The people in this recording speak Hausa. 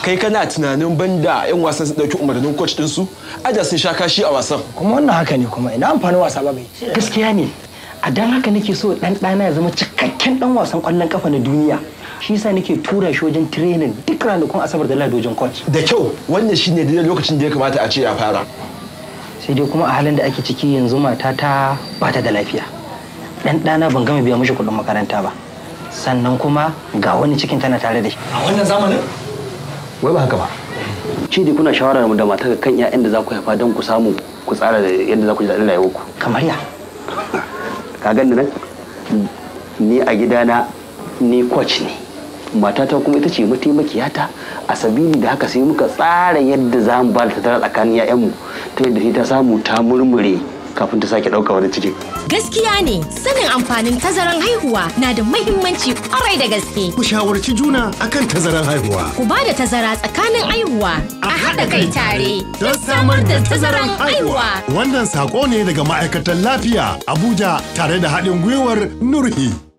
kai kana tunanin banda yan wasan su dauki umarnin coach din su aja sun sha kashi a wasan kuma wannan haka ne kuma ina amfanin wasa ba bai gaskiya ne a dan haka nake so dan dana ya zama cikakken dan wasan kwallon kafa na duniya shi yasa nake tura shi wajen training duk ranakun asabar da ladojin coach da kyau wannan shine da lokacin da ya kamata a ce ya fara sai dai kuma a halin da ake ciki yanzu mata ta bata da lafiya dan dana ban gama biya mishi kuɗin makaranta ba sannan kuma ga wani cikin tana tare da shi a wannan zamanin wai ba haka ba shi dai kuna shawara da matar kan ƴaƴan da za ku haifa don ku samu ku tsara da yadda za ku ji daɗin rayuwarku kamar ya ka gani nan ni a gidana ni coach ne matata kuma ita ce mataimakiyata a sabili da haka sai muka tsara yadda za mu ba da tattara tsakanin mu ta yadda sai ta samu ta murmure kafin ta sake ɗauka wani ciki. Gaskiya ne sanin amfanin tazaran haihuwa na da mahimmanci kwarai da gaske. Ku shawarci juna akan tazaran haihuwa. Ku ba da tazara tsakanin haihuwa a haɗa kai tare don samar da tazaran haihuwa. Wannan saƙo ne daga ma'aikatan lafiya Abuja tare da haɗin gwiwar Nurhi.